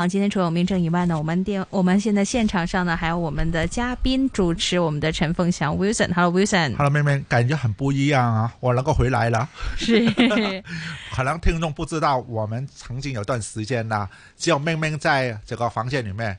好，今天除了有明正以外呢，我們電我們現在現場上呢，還有我們的嘉賓主持，我們的陳鳳翔 Wilson，Hello Wilson，Hello 妹妹，感覺很不一樣啊，我能夠回來了，是， 可能聽眾不知道，我們曾經有段時間呢、啊，只有妹妹在這個房間裏面。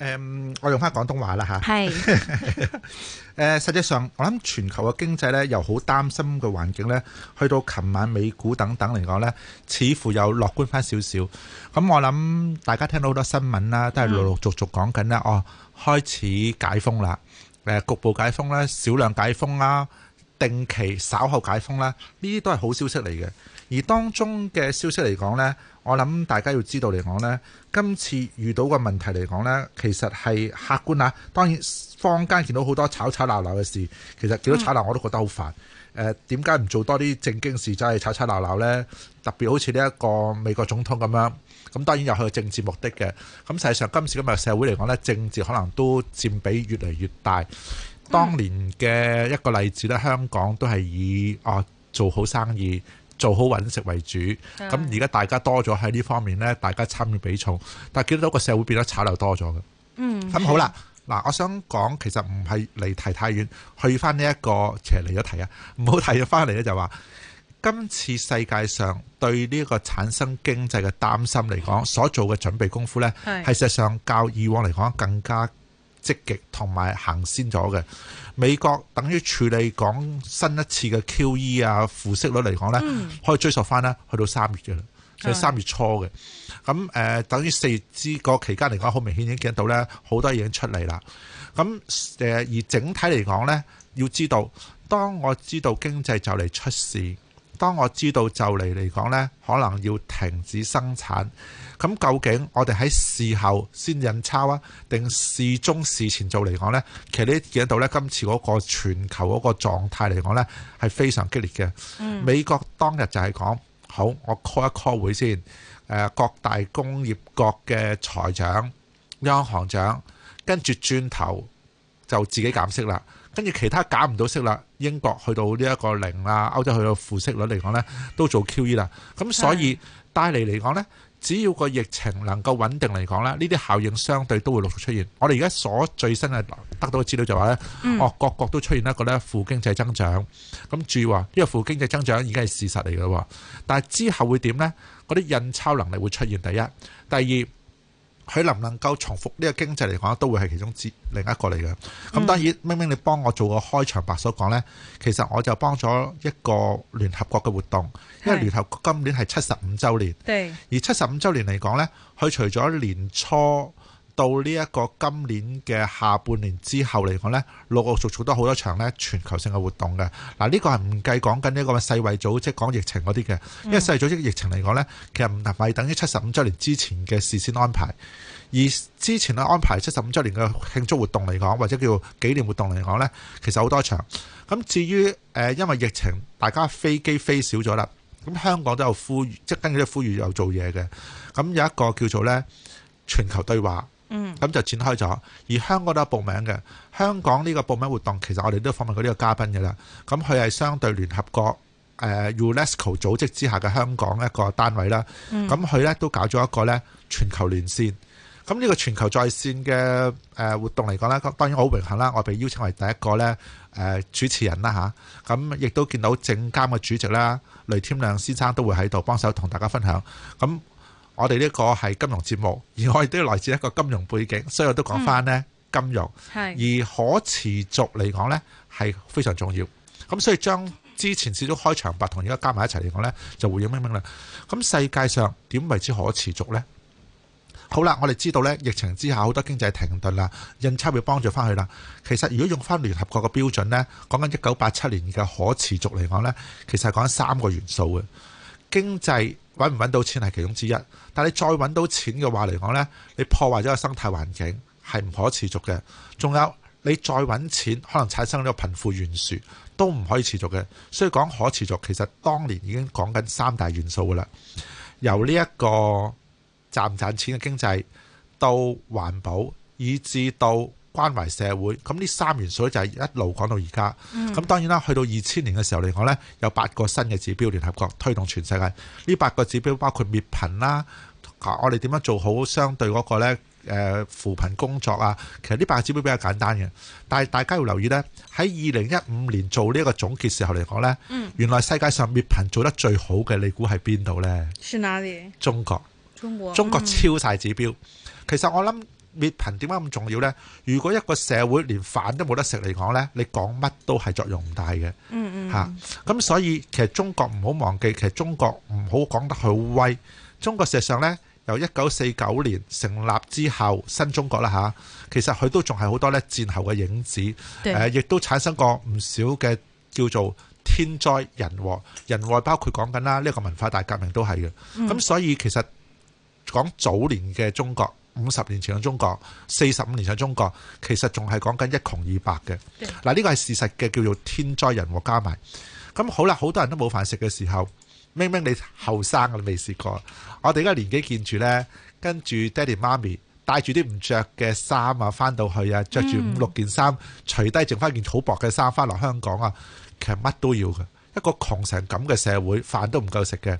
誒、嗯，我用翻廣東話啦嚇。係是。誒、 呃，實際上我諗全球嘅經濟咧，由好擔心嘅環境咧，去到琴晚美股等等嚟講咧，似乎又樂觀翻少少。咁我諗大家聽到好多新聞啦，都係陸陸續續講緊啦，哦，開始解封啦。誒、呃，局部解封啦，少量解封啦、啊。定期稍後解封呢，呢啲都係好消息嚟嘅。而當中嘅消息嚟講呢，我諗大家要知道嚟講呢，今次遇到嘅問題嚟講呢，其實係客觀啊。當然坊間見到好多吵吵鬧鬧嘅事，其實見到吵鬧我都覺得好煩。誒、嗯，點解唔做多啲正經事，就係吵吵鬧鬧呢？特別好似呢一個美國總統咁樣，咁當然有佢嘅政治目的嘅。咁實際上今時今日社會嚟講呢，政治可能都佔比越嚟越大。嗯、當年嘅一個例子咧，香港都係以啊、哦、做好生意、做好揾食為主。咁而家大家多咗喺呢方面咧，大家參與比重，但見到個社會變得炒樓多咗嘅。嗯，咁、嗯嗯、好啦，嗱，我想講其實唔係離題太遠，去翻呢一個斜離咗題啊，唔好睇咗翻嚟咧就話，今次世界上對呢個產生經濟嘅擔心嚟講，嗯、所做嘅準備功夫咧，係、嗯、事實上較以往嚟講更加積極同埋行先咗嘅美國，等於處理講新一次嘅 QE 啊，負息率嚟講呢，可以追溯翻呢，去到三月嘅，即係三月初嘅。咁誒，等於四月之期間嚟講，好明顯已經見到呢好多嘢已經出嚟啦。咁誒，而整體嚟講呢，要知道，當我知道經濟就嚟出事。當我知道就嚟嚟講呢，可能要停止生產，咁究竟我哋喺事後先印鈔啊，定事中事前做嚟講呢？其實你見到呢，今次嗰個全球嗰個狀態嚟講呢，係非常激烈嘅。嗯、美國當日就係講好，我 call 一 call 會先，誒各大工業國嘅財長、央行長，跟住轉頭就自己減息啦。跟住其他減唔到息啦，英國去到呢一個零啦，歐洲去到負息率嚟講咧，都做 QE 啦。咁所以帶嚟嚟講咧，只要個疫情能夠穩定嚟講咧，呢啲效應相對都會陸續出現。我哋而家所最新嘅得到嘅資料就話咧，哦，各國都出現一個咧負經濟增長。咁注意話，呢個負經濟增長已經係事實嚟嘅喎。但係之後會點咧？嗰啲印鈔能力會出現。第一，第二。佢能唔能夠重複呢個經濟嚟講，都會係其中之另一個嚟嘅。咁、嗯、當然，明明你幫我做個開場白所講呢，其實我就幫咗一個聯合國嘅活動，因為聯合國今年係七十五週年，對 而七十五週年嚟講呢，佢除咗年初，到呢一個今年嘅下半年之後嚟講呢，陸陸續續都好多場呢全球性嘅活動嘅。嗱、啊、呢、這個係唔計講緊呢個世衛組織講疫情嗰啲嘅，因為世衛組織疫情嚟講呢其實唔係等於七十五週年之前嘅事先安排，而之前嘅安排七十五週年嘅慶祝活動嚟講，或者叫紀念活動嚟講呢其實好多場。咁至於誒、呃，因為疫情大家飛機飛少咗啦，咁香港都有呼籲，即、就、係、是、跟住呼籲有做嘢嘅。咁有一個叫做呢全球對話。嗯，咁就展開咗。而香港都有報名嘅。香港呢個報名活動，其實我哋都訪問過呢個嘉賓嘅啦。咁佢係相對聯合國、呃、UNESCO 組織之下嘅香港一個單位啦。咁、嗯、佢、嗯嗯、呢都搞咗一個全球連線。咁、嗯、呢、呢個全球在線嘅誒活動嚟講呢，當然我好榮幸啦，我被邀請為第一個呢、呃、主持人啦，咁亦都見到證監嘅主席啦，雷添亮先生都會喺度幫手同大家分享。咁、嗯。我哋呢個係金融節目，而我哋都要來自一個金融背景，所以我都講翻呢，金融，嗯、而可持續嚟講呢係非常重要。咁是所以將之前少少開場白同而家加埋一齊嚟講呢，就回應咩咩啦。咁世界上點為之可持續呢？好啦，我哋知道呢，疫情之下好多經濟停頓啦，印鈔要幫助翻去啦。其實如果用翻聯合國個標準呢，講緊一九八七年嘅可持續嚟講呢，其實係講緊三個元素嘅經濟。揾唔揾到錢係其中之一，但係你再揾到錢嘅話嚟講呢，你破壞咗個生態環境係唔可持續嘅。仲有你再揾錢，可能產生咗個貧富懸殊，都唔可以持續嘅。所以講可持續，其實當年已經講緊三大元素噶啦，由呢一個賺唔賺錢嘅經濟，到環保，以至到。關懷社會，咁呢三元素就係一路講到而家。咁當然啦，去到二千年嘅時候嚟講咧，有八個新嘅指標，聯合國推動全世界呢八個指標包括滅貧啦，我我哋點樣做好相對嗰個咧？誒，扶貧工作啊，其實呢八個指標比較簡單嘅，但係大家要留意咧，喺二零一五年做呢一個總結時候嚟講咧，原來世界上滅貧做得最好嘅，你估係邊度咧？係邊度？中國，中國，中國超晒指標。其實我諗。滅貧點解咁重要咧？如果一個社會連飯都冇得食嚟講咧，你講乜都係作用唔大嘅。嗯嗯。吓，咁所以其實中國唔好忘記，其實中國唔好講得佢好威。中國事實上咧，由一九四九年成立之後新中國啦吓，其實佢都仲係好多咧戰後嘅影子，誒，亦都產生過唔少嘅叫做天災人禍，人禍包括講緊啦呢個文化大革命都係嘅。咁所以其實。講早年嘅中國，五十年前嘅中國，四十五年前嘅中國，其實仲係講緊一窮二白嘅。嗱，呢個係事實嘅，叫做天災人禍加埋。咁好啦，好多人都冇飯食嘅時候，明明你後生你未試過。我哋而家年紀見住呢，跟住爹哋媽咪帶住啲唔着嘅衫啊，翻到去啊，着住五六件衫，除低剩翻件好薄嘅衫，翻落香港啊，其實乜都要嘅。一個窮成咁嘅社會，飯都唔夠食嘅。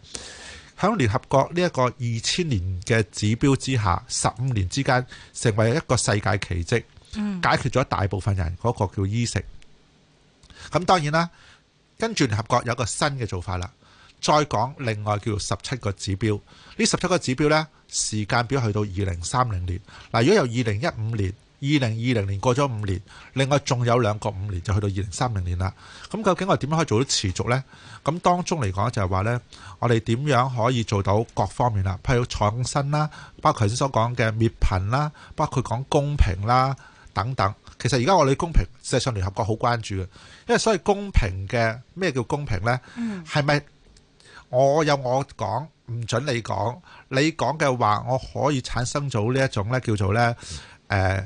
喺聯合國呢一個二千年嘅指標之下，十五年之間成為一個世界奇迹，解決咗大部分人嗰個叫衣食。咁當然啦，跟住聯合國有個新嘅做法啦，再講另外叫十七個指標。呢十七個指標呢，時間表去到二零三零年。嗱，如果由二零一五年。二零二零年過咗五年，另外仲有兩個五年就去到二零三零年啦。咁究竟我點樣可以做到持續呢？咁當中嚟講就係話呢，我哋點樣可以做到各方面啦，譬如創新啦，包括頭先所講嘅滅貧啦，包括講公平啦等等。其實而家我哋公平，世界上聯合國好關注嘅，因為所謂公平嘅咩叫公平呢？係咪我有我講，唔準你講，你講嘅話我可以產生到呢一種呢叫做呢誒，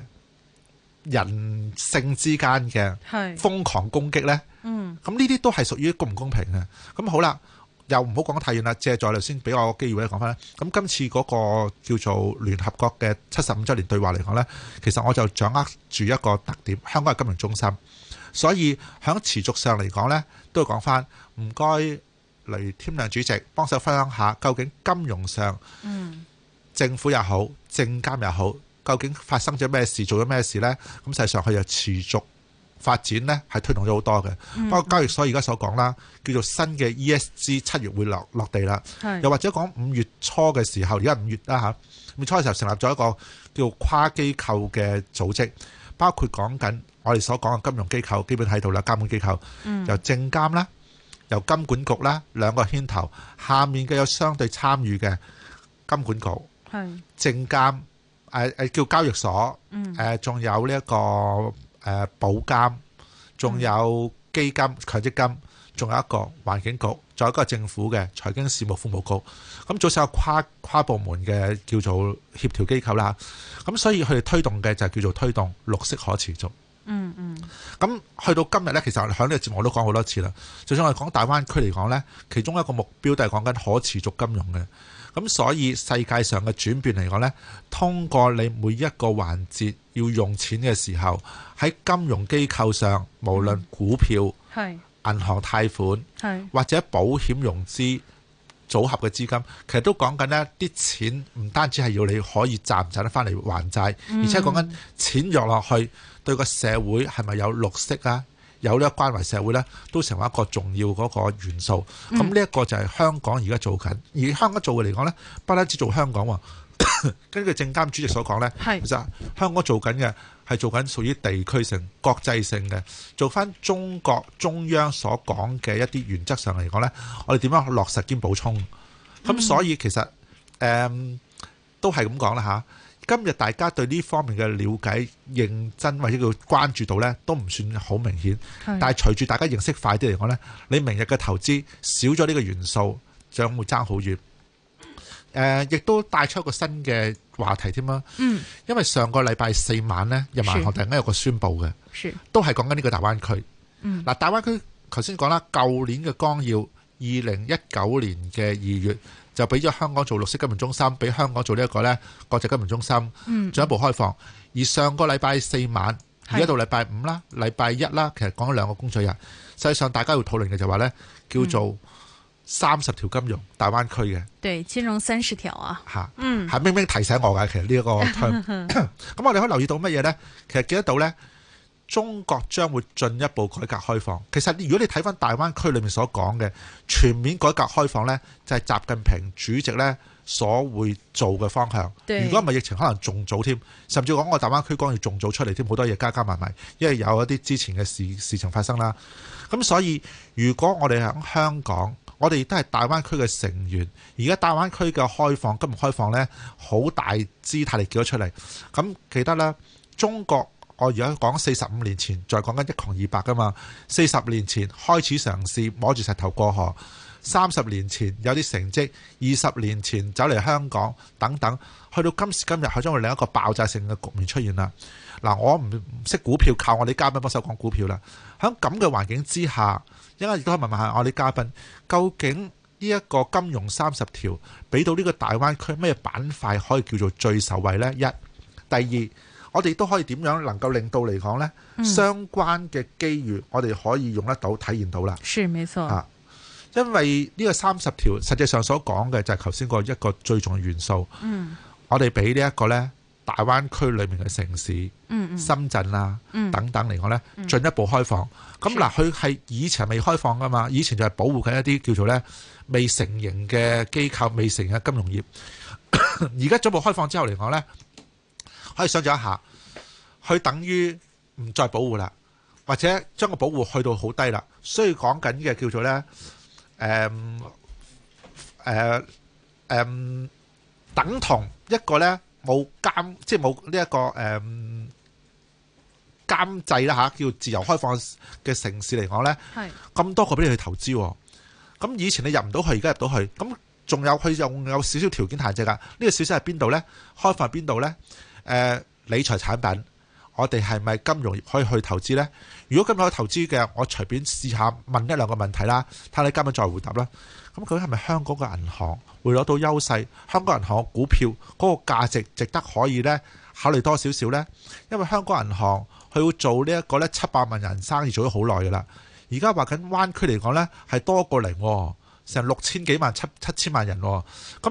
人性之間嘅瘋狂攻擊咧，咁呢啲都係屬於公唔公平嘅。咁好啦，又唔好講太遠啦，借在頭先俾我個機會咧講翻咧。咁今次嗰個叫做聯合國嘅七十五週年對話嚟講咧，其實我就掌握住一個特點，香港係金融中心，所以喺持續上嚟講咧，都要講翻。唔該，黎添亮主席幫手分享下，究竟金融上，政府又好，證監又好。究竟發生咗咩事，做咗咩事呢？咁實際上佢又持續發展呢係推動咗好多嘅。嗯嗯，包括交易所而家所講啦，叫做新嘅 E S G 七月會落落地啦。是又或者講五月初嘅時候，而家五月啦吓，五月初嘅時候成立咗一個叫做跨機構嘅組織，包括講緊我哋所講嘅金融機構基本喺度啦，監管機構、嗯、由證監啦，由金管局啦兩個牽頭。下面嘅有相對參與嘅金管局、是證監。誒誒叫交易所，誒仲有呢一個誒保監，仲有基金、強積金，仲有一個環境局，仲有一個政府嘅財經事務服務局，咁組成一個跨跨部門嘅叫做協調機構啦。咁所以佢哋推動嘅就係叫做推動綠色可持續。嗯嗯。咁去到今日呢，其實我哋喺呢個節目我都講好多次啦。就算我哋講大灣區嚟講呢，其中一個目標就係講緊可持續金融嘅。咁、嗯、所以世界上嘅轉變嚟講，咧，通過你每一個環節要用錢嘅時候，喺金融機構上，無論股票、銀、嗯、行貸款，是或者保險融資組合嘅資金，其實都講緊，咧啲錢唔單止係要你可以賺唔賺得翻嚟還債，而且講緊錢用落去對個社會係咪有綠色啊？有呢咧關懷社會呢都成為一個重要嗰個元素。咁呢一個就係香港而家做緊，而香港做嘅嚟講呢不單止做香港喎。 根據證監主席所講呢，是其實香港做緊嘅係做緊屬於地區性、國際性嘅，做翻中國中央所講嘅一啲原則上嚟講呢我哋點樣去落實兼補充？咁所以其實誒、嗯、都係咁講啦嚇。今日大家對呢方面嘅了解、認真或者叫關注度呢，都唔算好明顯。的但係隨住大家認識快啲嚟講呢，你明日嘅投資少咗呢個元素，將會爭好遠。誒、呃，亦都帶出一個新嘅話題添啦。嗯，因為上個禮拜四晚呢，人民銀行突然間有個宣佈嘅，是的都係講緊呢個大灣區。嗯，嗱，大灣區頭先講啦，舊年嘅綱要，二零一九年嘅二月。就俾咗香港做綠色金融中心，俾香港做呢一個呢國際金融中心，進一步開放。嗯、而上個禮拜四晚，而家到禮拜五啦，禮拜的一啦，其實講咗兩個工作日。實際上大家要討論嘅就話呢，叫做三十條金融大灣區嘅。對金融三十條啊。嗯，係明明提醒我嘅。其實呢一個咁， 我哋可以留意到乜嘢呢？其實記得到呢。中國將會進一步改革開放。其實，如果你睇翻大灣區裏面所講嘅全面改革開放呢，就係習近平主席呢所會做嘅方向。對如果唔係疫情，可能仲早添。甚至講我大灣區剛要仲早出嚟添，好多嘢加加埋埋，因為有一啲之前嘅事事情發生啦。咁所以，如果我哋喺香港，我哋亦都係大灣區嘅成員。而家大灣區嘅開放、金融開放呢，好大姿態嚟叫咗出嚟。咁記得啦，中國。我而家講四十五年前，再講緊一窮二白噶嘛，四十年前開始嘗試摸住石頭過河，三十年前有啲成績，二十年前走嚟香港等等，去到今時今日，佢將會另一個爆炸性嘅局面出現啦。嗱，我唔識股票，靠我哋嘉賓幫手講股票啦。喺咁嘅環境之下，陣間亦都可以問問下我哋嘉賓，究竟呢一個金融三十條俾到呢個大灣區咩板塊可以叫做最受惠呢？一，第二。我哋都可以點樣能夠令到嚟講呢，相關嘅機遇，我哋可以用得到、體驗到啦。是，冇錯。嚇，因為呢個三十條實際上所講嘅就係頭先個一個最重要元素。嗯。我哋俾呢一個呢大灣區裏面嘅城市，嗯深圳啊，等等嚟講呢進一步開放。咁嗱，佢係以前未開放噶嘛，以前就係保護緊一啲叫做呢未成型嘅機構、未成型嘅金融業。而家逐步開放之後嚟講呢。可以想象一下，佢等於唔再保護啦，或者將個保護去到好低啦。所以講緊嘅叫做呢，誒誒，等同一個呢冇監，即係冇呢一個誒監制啦。嚇，叫自由開放嘅城市嚟講呢，咁是多個俾你去投資喎。咁以前你入唔到去，而家入到去，咁仲有佢又有少少條件限制㗎。呢個少少係邊度呢？開放邊度呢？理財產品，我哋係咪金融業可以去投資呢？如果今日去投資嘅，我隨便試下問一兩個問題啦。睇下你今日再回答啦。咁佢係咪香港嘅銀行會攞到優勢？香港銀行股票嗰個價值值得可以呢考慮多少少呢？因為香港銀行佢要做呢一個七百萬人生意做咗好耐噶啦。而家話緊灣區嚟講呢，係多過零成六千幾萬七七千萬人咁，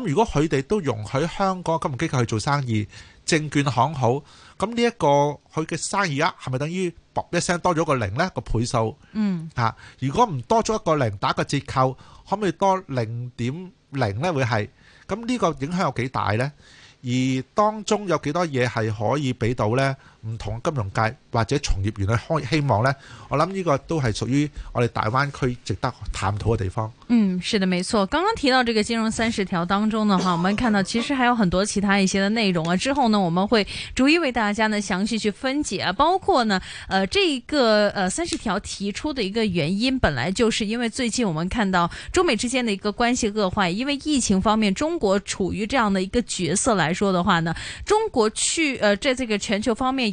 如果佢哋都容許香港金融機構去做生意。證券行好，咁呢一個佢嘅生意額係咪等於博一聲多咗一個零呢個倍數？嗯，嚇，如果唔多咗一個零打個折扣，可唔可以多零點零呢？會係咁呢個影響有幾大呢？而當中有幾多嘢係可以俾到呢？唔同金融界或者從業員去開希望呢，我諗呢個都係屬於我哋大灣區值得探討嘅地方。嗯，是的，沒錯。剛剛提到這個金融三十條當中呢，話， 我們看到其實還有很多其他一些的內容啊。之後呢，我們會逐一為大家呢詳細去分解，包括呢，呃，這一個呃三十條提出的一個原因，本來就是因為最近我們看到中美之間的一個關係惡化，因為疫情方面，中國處於這樣的一個角色來說的話呢，中國去，呃，在這個全球方面。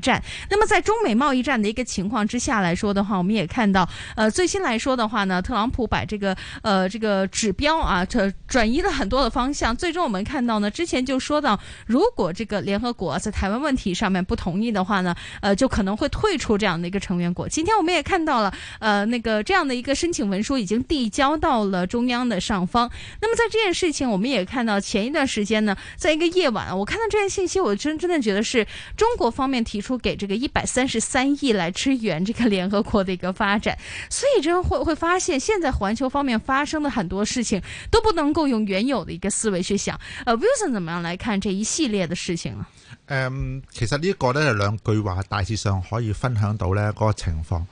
戰。那麼，在中美貿易戰的一個情況之下來說的話，我們也看到，呃，最新來說的話呢，特朗普把這個呃這個指標啊，這轉移了很多的方向。最終我們看到呢，之前就說到，如果這個聯合國在台灣問題上面不同意的話呢，呃，就可能會退出這樣的一個成員國。今天我們也看到了，呃，那個這樣的一個申請文書已經遞交到了中央的上方。那麼，在這件事情，我們也看到前一段時間呢，在一個夜晚，我看到這些信息，我真真的覺得是中國方面提出。出給這個一百三十三億來支援這個聯合國的一個發展，所以就會會發現，現在環球方面發生的很多事情都不能夠用原有的一個思維去想。呃，Wilson 怎麼樣來看這一系列的事情呢？嗯，其實呢個呢，兩句話大致上可以分享到呢，嗰個情況。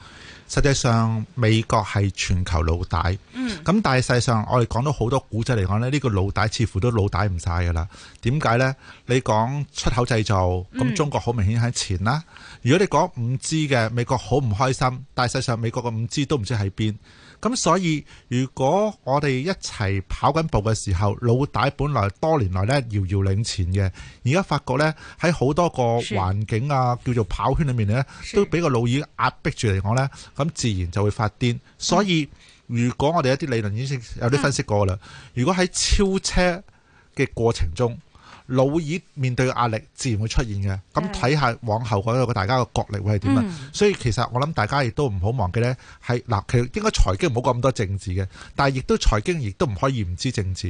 實際上美國係全球老大，嗯，咁大勢上我哋講到好多古仔嚟講咧，呢個老大似乎都老大唔晒㗎啦。點解呢？你講出口製造，咁中國好明顯喺前啦。如果你講五 G 嘅，美國好唔開心。大勢上美國嘅五 G 都唔知喺邊。咁所以，如果我哋一齊跑緊步嘅時候，老大本來多年來咧遙遙領前嘅，而家發覺咧喺好多個環境啊，是叫做跑圈裏面咧，是都俾個老二壓迫住嚟講咧，咁自然就會發癲。所以，如果我哋一啲理論已經有啲分析過啦，是如果喺超車嘅過程中，老耳面對嘅壓力自然會出現嘅，咁睇下往後嗰個大家個角力會係點啊？嗯、所以其實我諗大家亦都唔好忘記呢，係嗱，其實應該財經唔好講咁多政治嘅，但係亦都財經亦都唔可以唔知政治，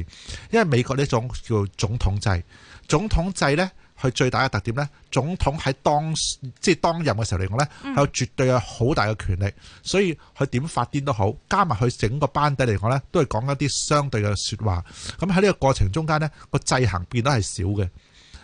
因為美國呢種叫總統制，總統制呢。佢最大嘅特點呢，總統喺當即當任嘅時候嚟講呢，係、嗯、有絕對有好大嘅權力，所以佢點發癲都好，加埋佢整個班底嚟講呢，都係講一啲相對嘅説話。咁喺呢個過程中間呢，個制衡變得係少嘅。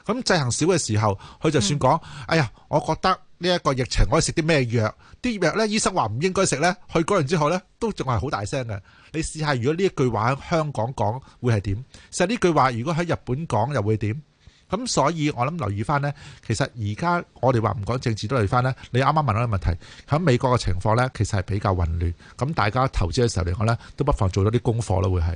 咁制衡少嘅時候，佢就算講，嗯、哎呀，我覺得呢一個疫情可以食啲咩藥？啲藥呢，醫生話唔應該食呢。」佢嗰輪之後呢，都仲係好大聲嘅。你試下如果呢一句話喺香港講會係點？其實呢句話如果喺日本講又會點？咁所以，我諗留意翻咧，其實而家我哋話唔講政治都留意翻咧。你啱啱問到嘅問題，響美國嘅情況咧，其實係比較混亂，咁大家投資嘅時候嚟講咧，都不妨做多啲功課咯，會係。